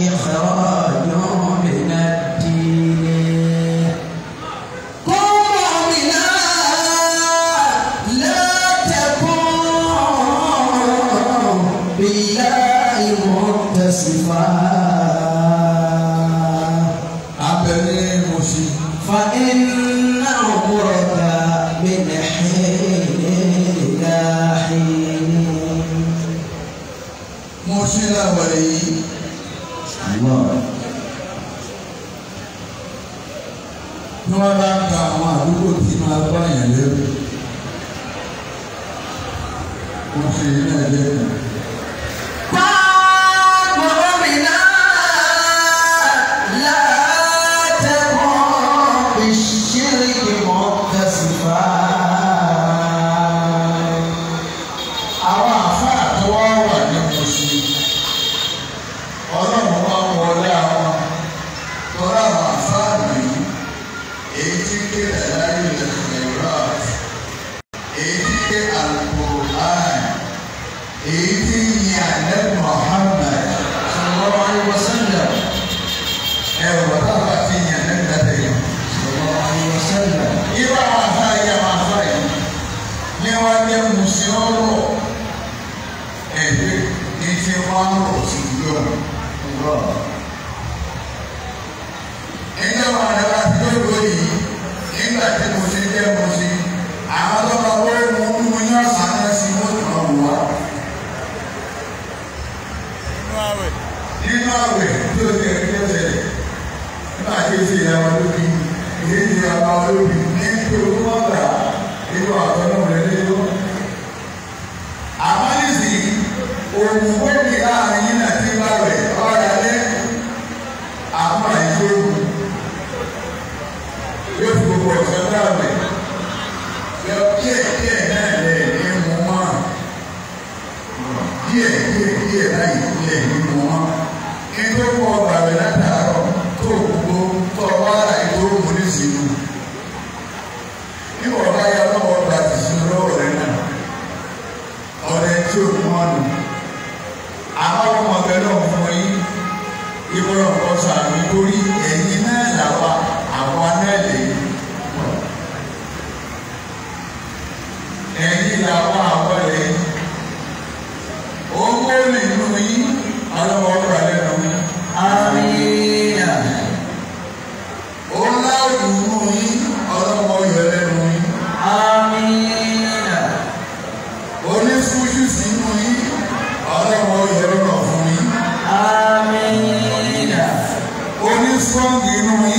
إخراج God. Ẹgbẹ́ wa ni tó ìwé yìí nígbà tí. strong, you know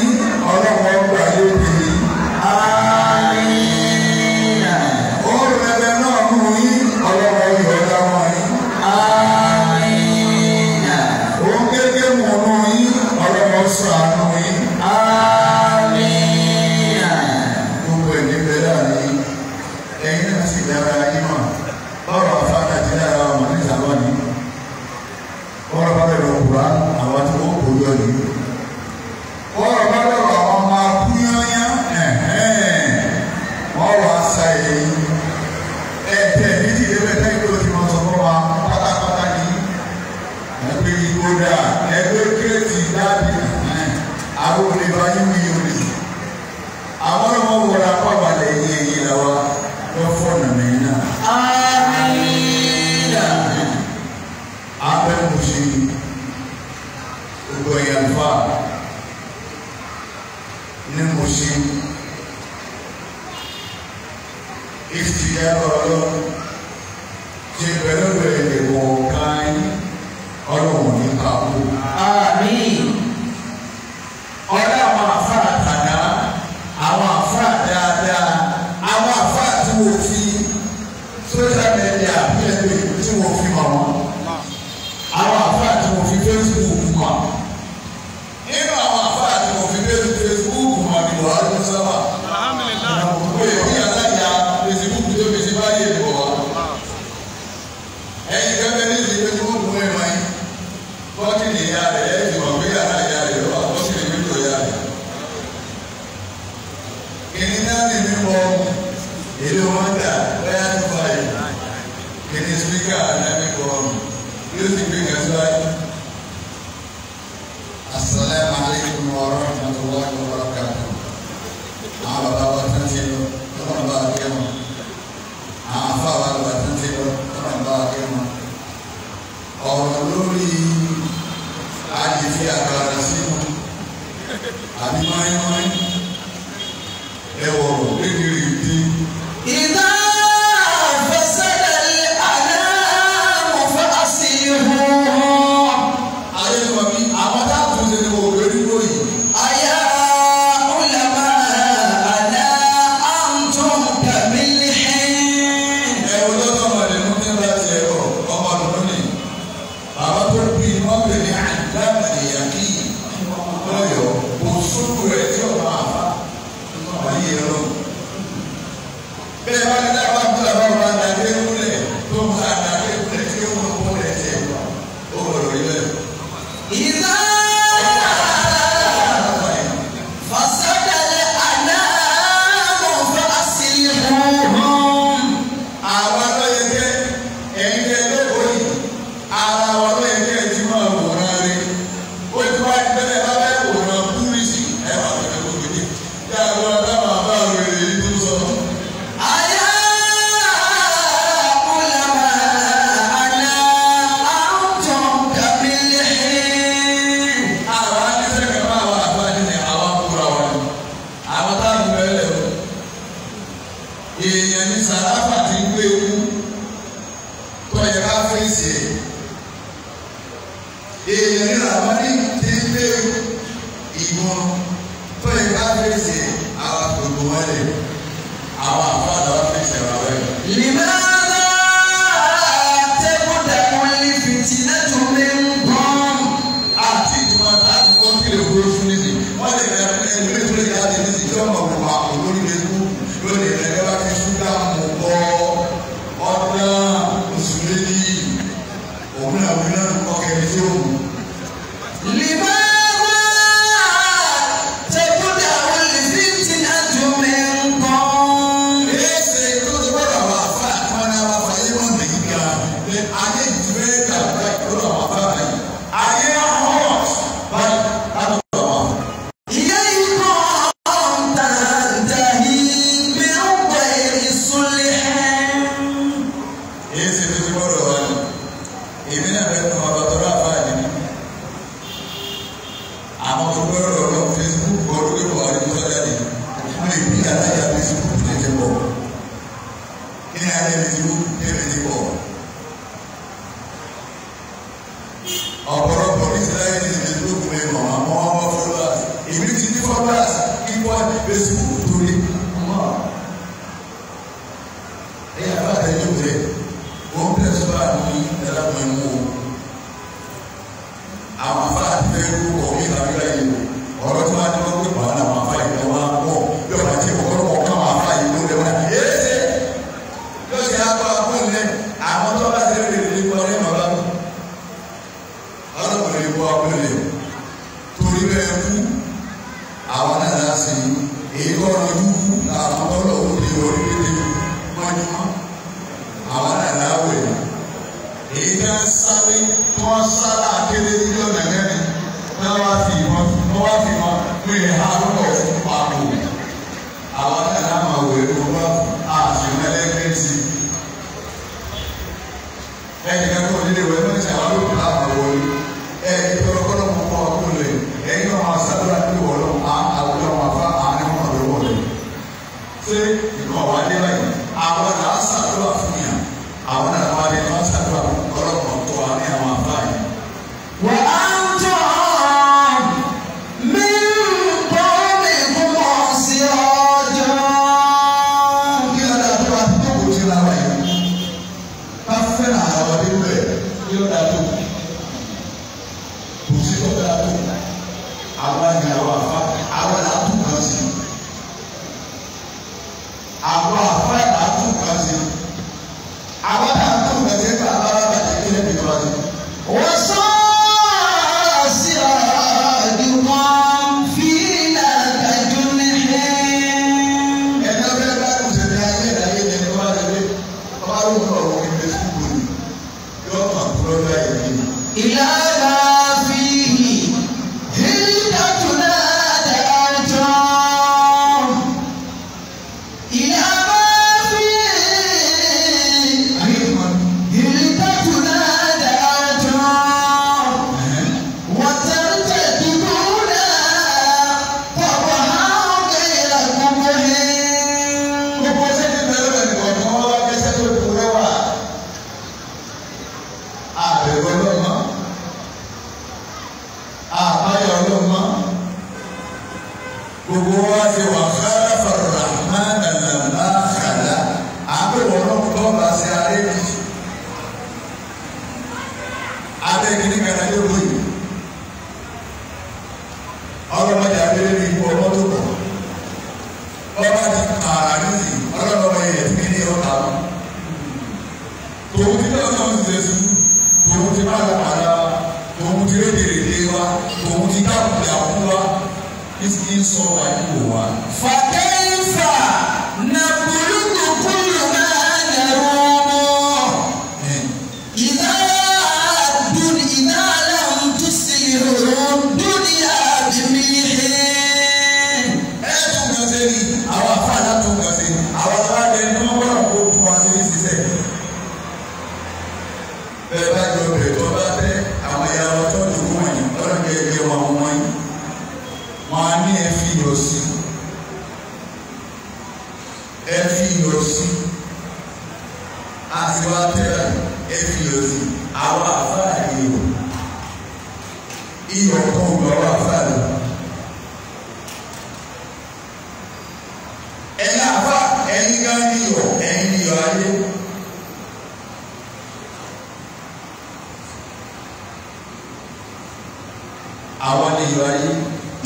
àwọn ni ìwà yìí.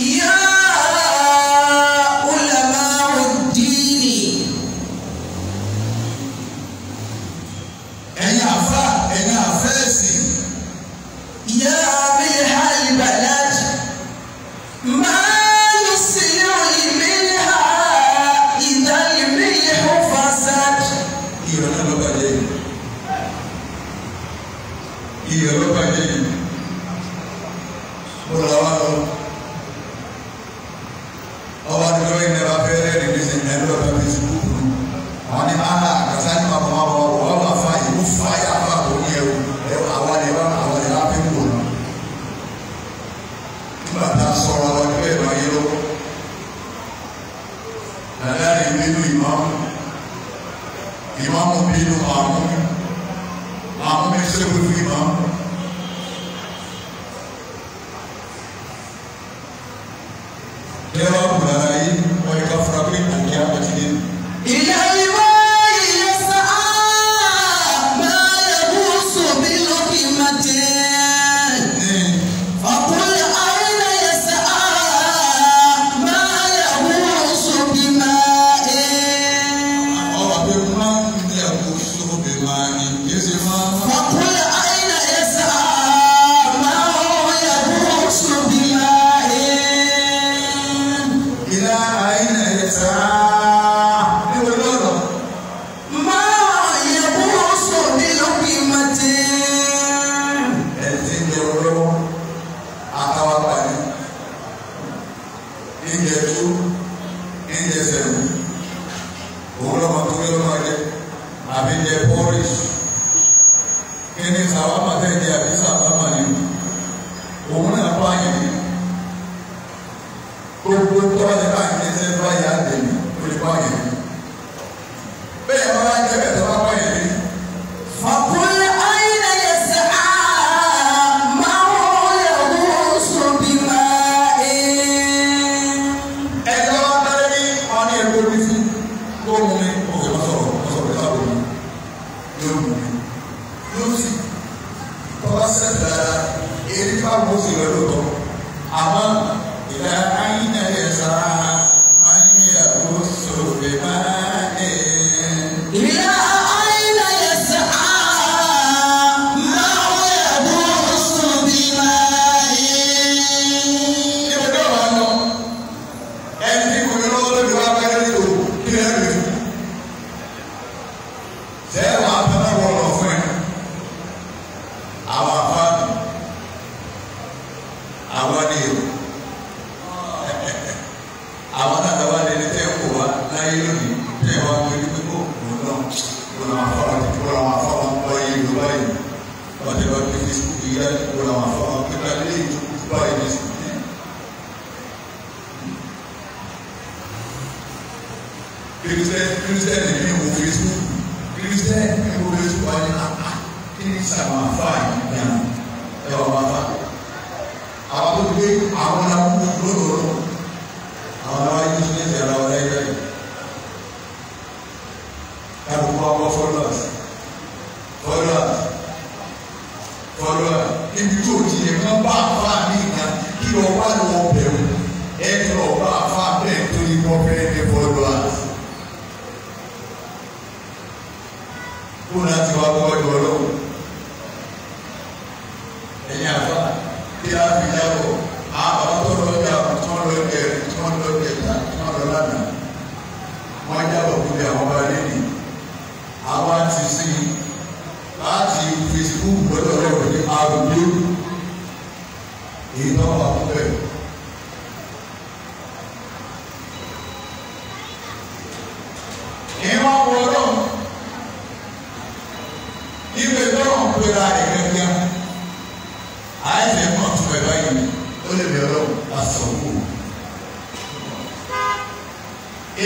ìyá.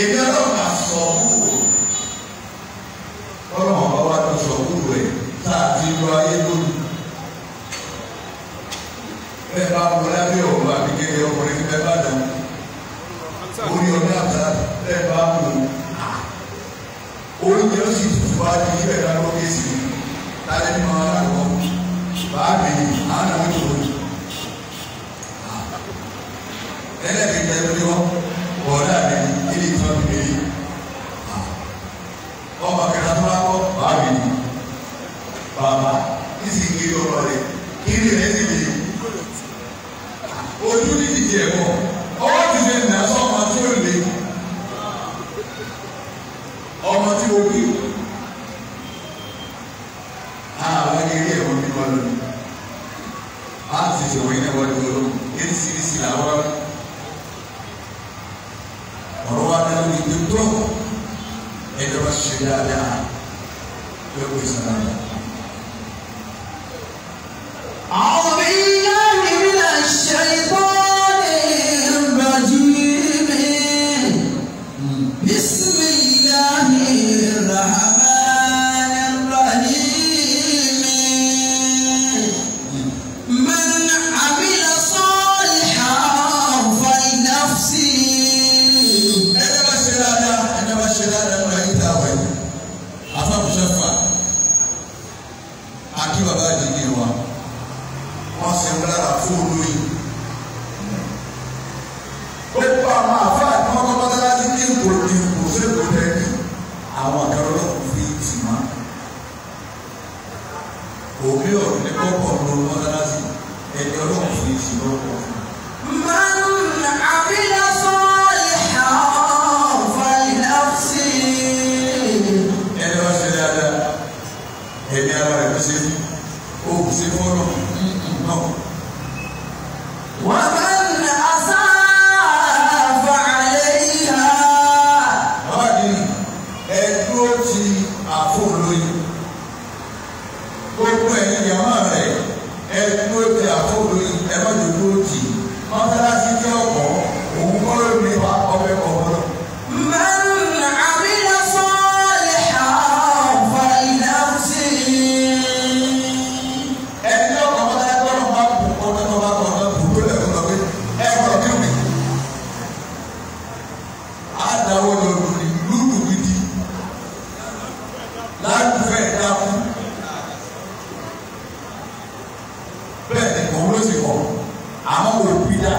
èmi ọlọ́run àsọ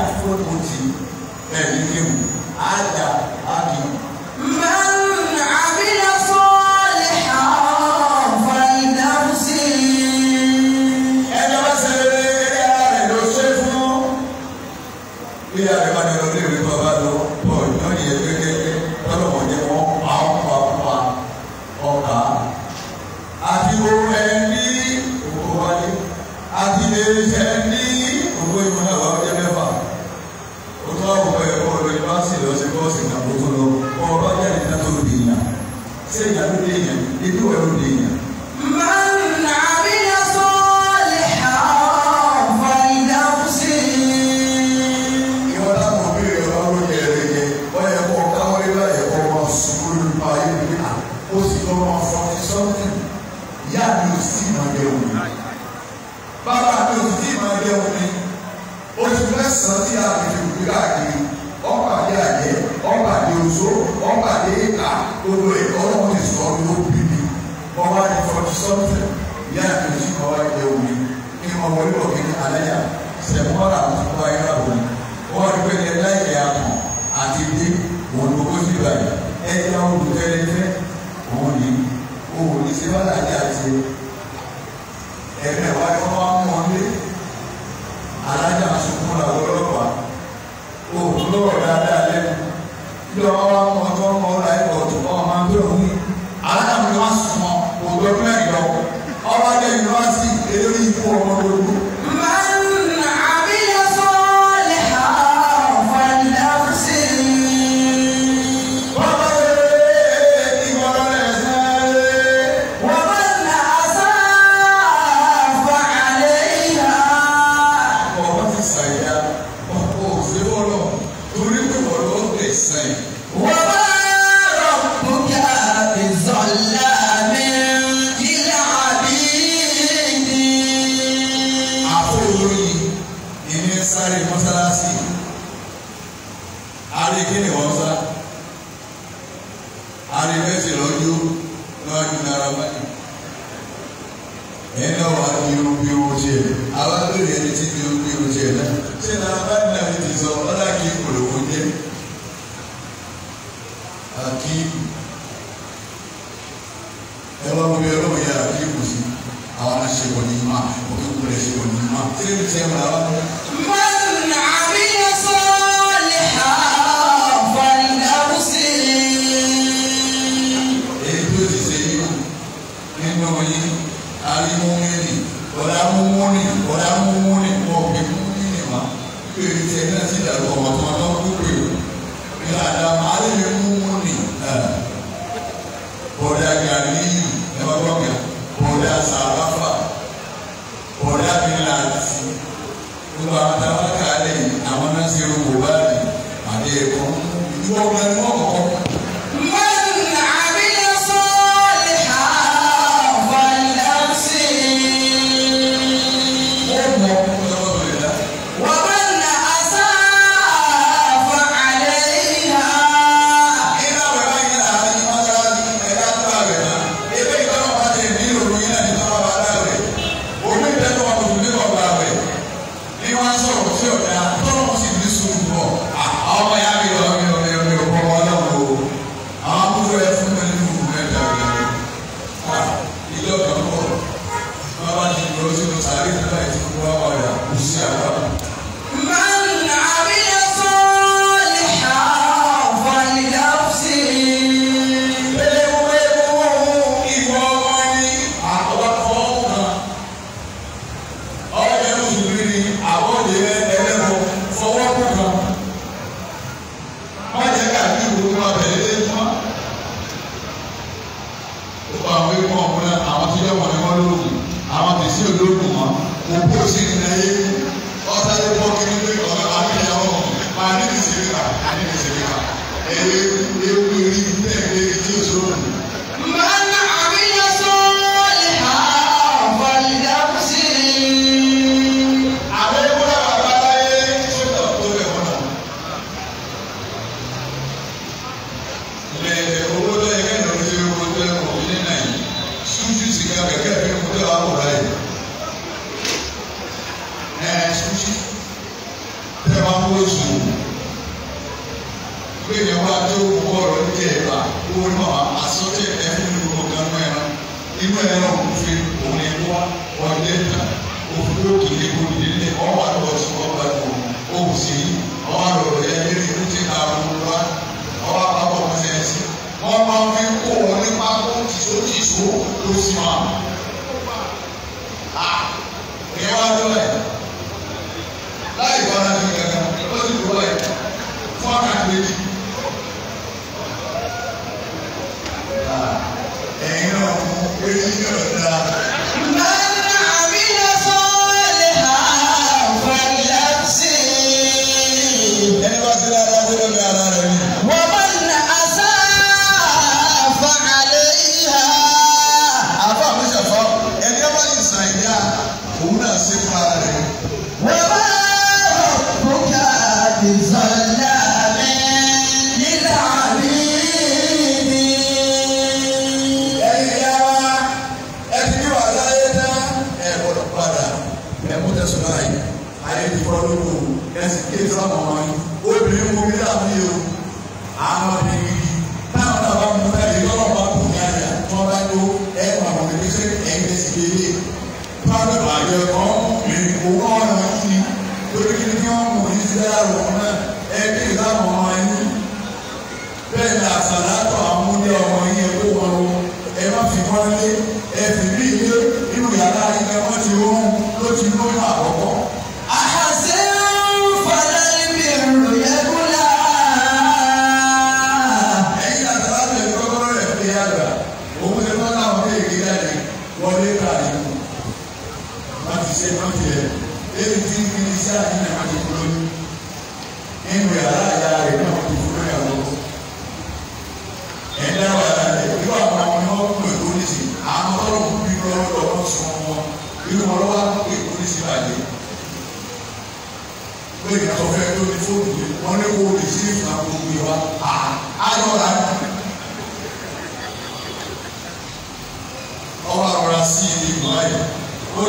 àdúró kò tì í ẹ̀ ní kéwù á É Ele tí olóògùn mọ́ mo bó sí ìnáyé ọ̀sálẹ̀ bọ́ kiri pé ọ̀rọ̀ àmì ìyàwó máa ní ìsìnkà àní ìsìnkà ẹ̀rẹ́ ewu eré bẹ́ẹ̀ bẹ́ẹ̀ tí ó sọ̀rọ̀ ẹ̀dá òun náà ṣe fún rẹ̀. wọ́n bá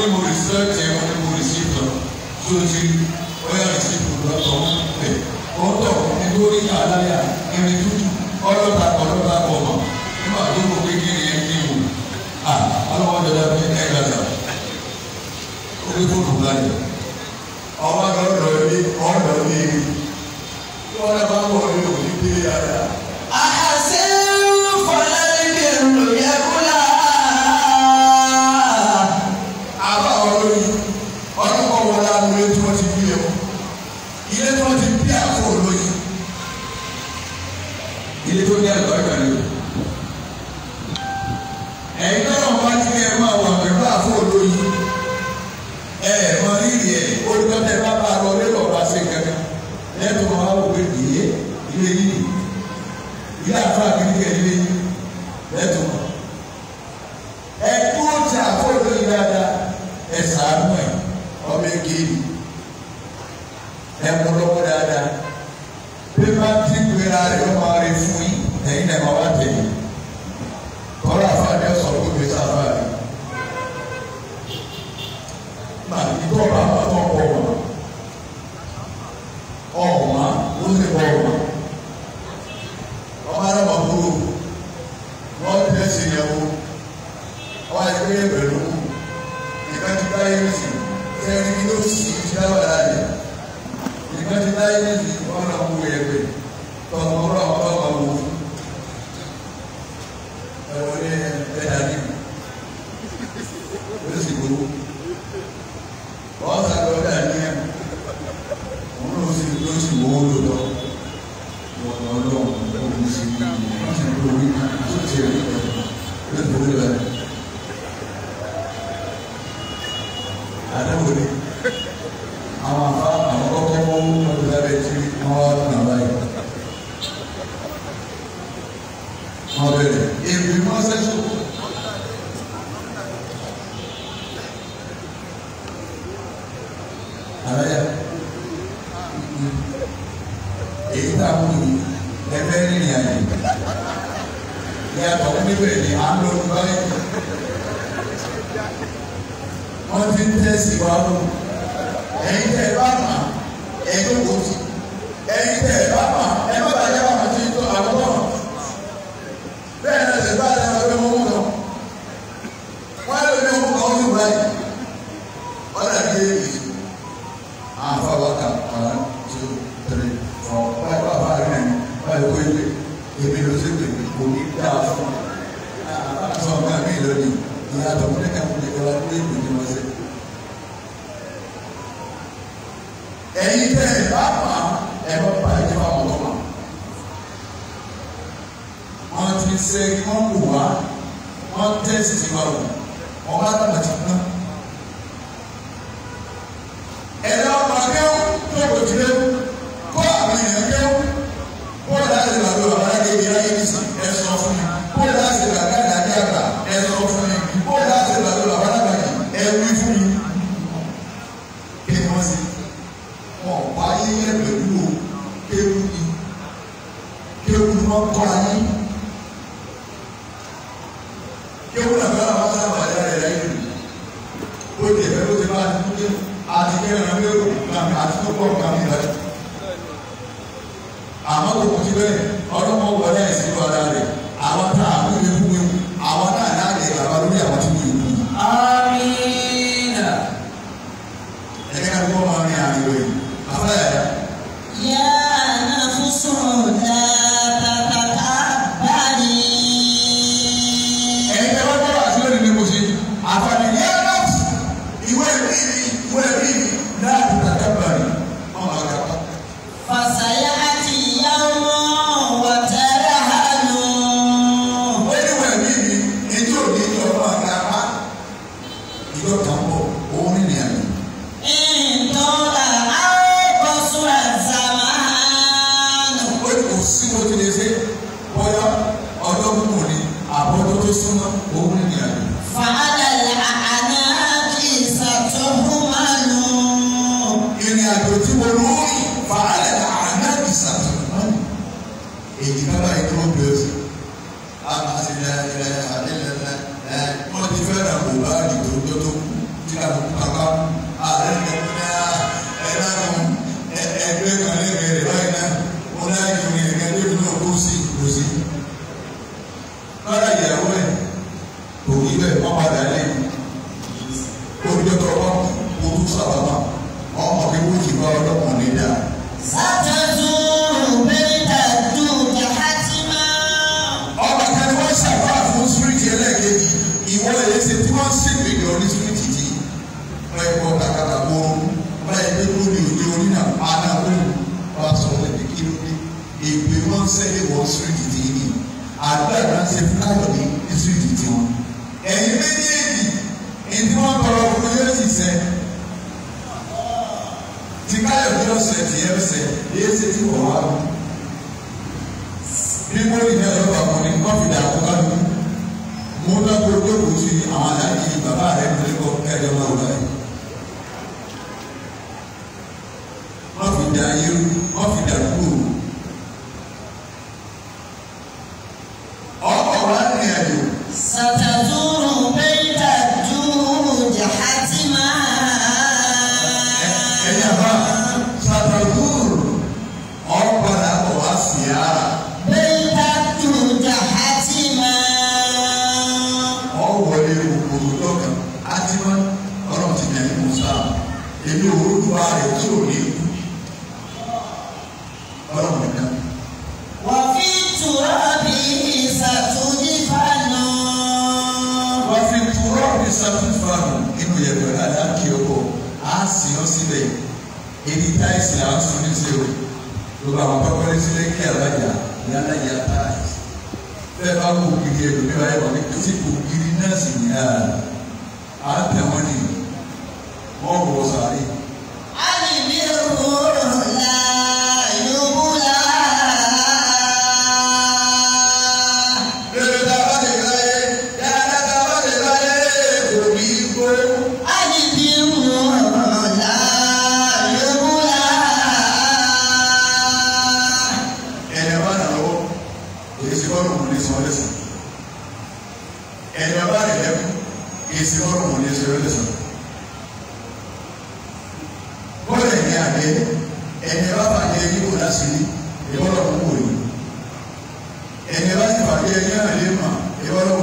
onye bụ rịsịtị onye bụ rịsịtọ sotu ìdáwà láàyè ìgbọ́n ti láyé nìyí wọ́n náà wú ẹgbẹ́ tọ́gbọ́n. ìjọba tó lè gbèdé wọn sẹ. ẹ̀yin tẹ́ ẹ bá pa ẹ bá pa ìjọba ọ̀tọ̀ ma wọ́n ti ṣe wọ́n wù wá wọ́n tẹ́sítì wa wò wọ́n bá dàgbà tó náà. ìjọ ìjà ń bọ̀ kì í ṣe fọlọ́ wọn lè ṣe lọ́dẹ̀ sọ̀rọ̀. bọ́lá ẹ̀mí àgbẹ̀ ẹ̀mí bá bàjẹ́ yíwò láṣìírí ìbọ́lọ̀ ń wò yìí ẹ̀mí bá sì bàjẹ́ yíwò lè mà ìbọ́lọ̀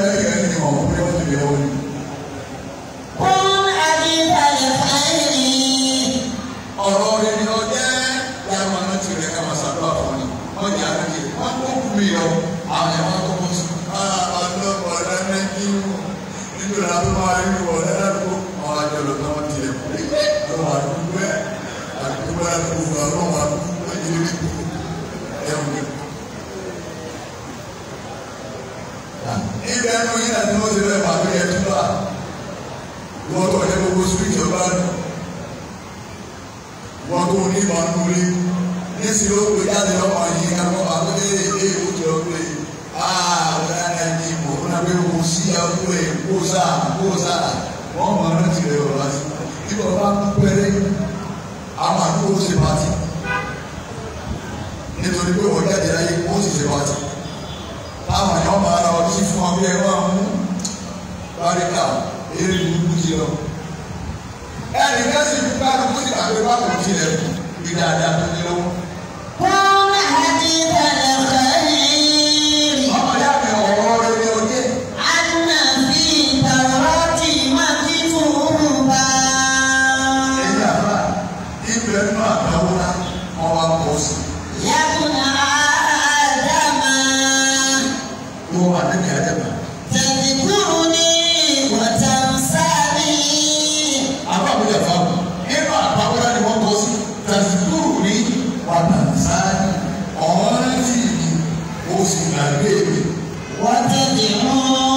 i me not anything We want to be náà ni wọ́n ti rẹ̀ wà pé ẹtú bá wọ́n tó ọ̀jẹ́ gbogbo síríkì ọba nù wọ́n tó ní ìmọ̀ nù rí nísìnyí ó pè jáde lọ́wọ́ yìí káwọn bá tó lé èdè ìwò tó ọkọ yìí aa wọ́n náà náà ní ìmọ̀ wọ́n náà pé kò sí ẹkú ẹ̀ kó sá kó sá wọ́n mọ̀ ọ́n ti rẹ̀ wọ́n sí bí wọ́n bá kú pẹ́rẹ́ àwọn àdúgbò ṣe pàtì nítorí pé wọ́n jáde láyé ó sì ṣe pàtì táwọn èèyàn máa ra ọtí fún ọgbẹ́ wọn mú àbáríkà èyí burúkú ti lọ. ẹnì kan sì fi bá dùkú sí àgbẹ̀ bá kò tilẹ̀ ti bẹ̀rẹ̀ fẹ́ẹ́ rí. ọmọ yá ti máa ti fún wọ́n wà nígbà àdàmà. tẹ̀sí kúrò. What a demon!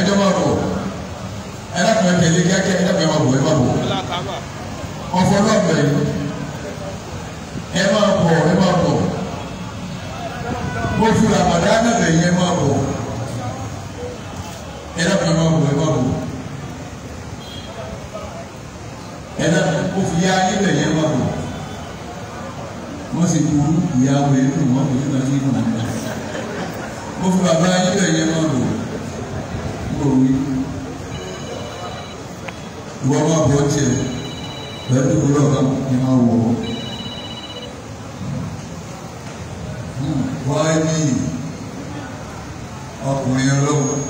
ẹjọ́ máa bọ̀ ẹ̀dá kan tẹ̀lé kíákíá ẹ̀dá kan máa bọ̀ ẹ̀ máa bọ̀ ọ̀fọ̀ náà bẹ̀rẹ̀ ẹ̀ máa bọ̀ ẹ̀ máa bọ̀ mo fi àbàdá náà bẹ̀rẹ̀ ẹ̀ máa bọ̀ ẹ̀dá kan máa bọ̀ ẹ̀ máa bọ̀ ẹ̀dá kan mo fi yá ayé bẹ̀rẹ̀ ẹ̀ máa bọ̀ wọ́n sì kú ìyàwó ẹ̀ lóun wọ́n kò ní ma fi kú mo fi bàbá ayé bẹ̀rẹ̀ ẹ̀ máa bọ̀ òwe ìwọ máa bọ̀ tiẹ̀ pẹ̀lú ìwúrọ̀ bá ní máa wọ̀ ọ́. Hmm. wáyé ní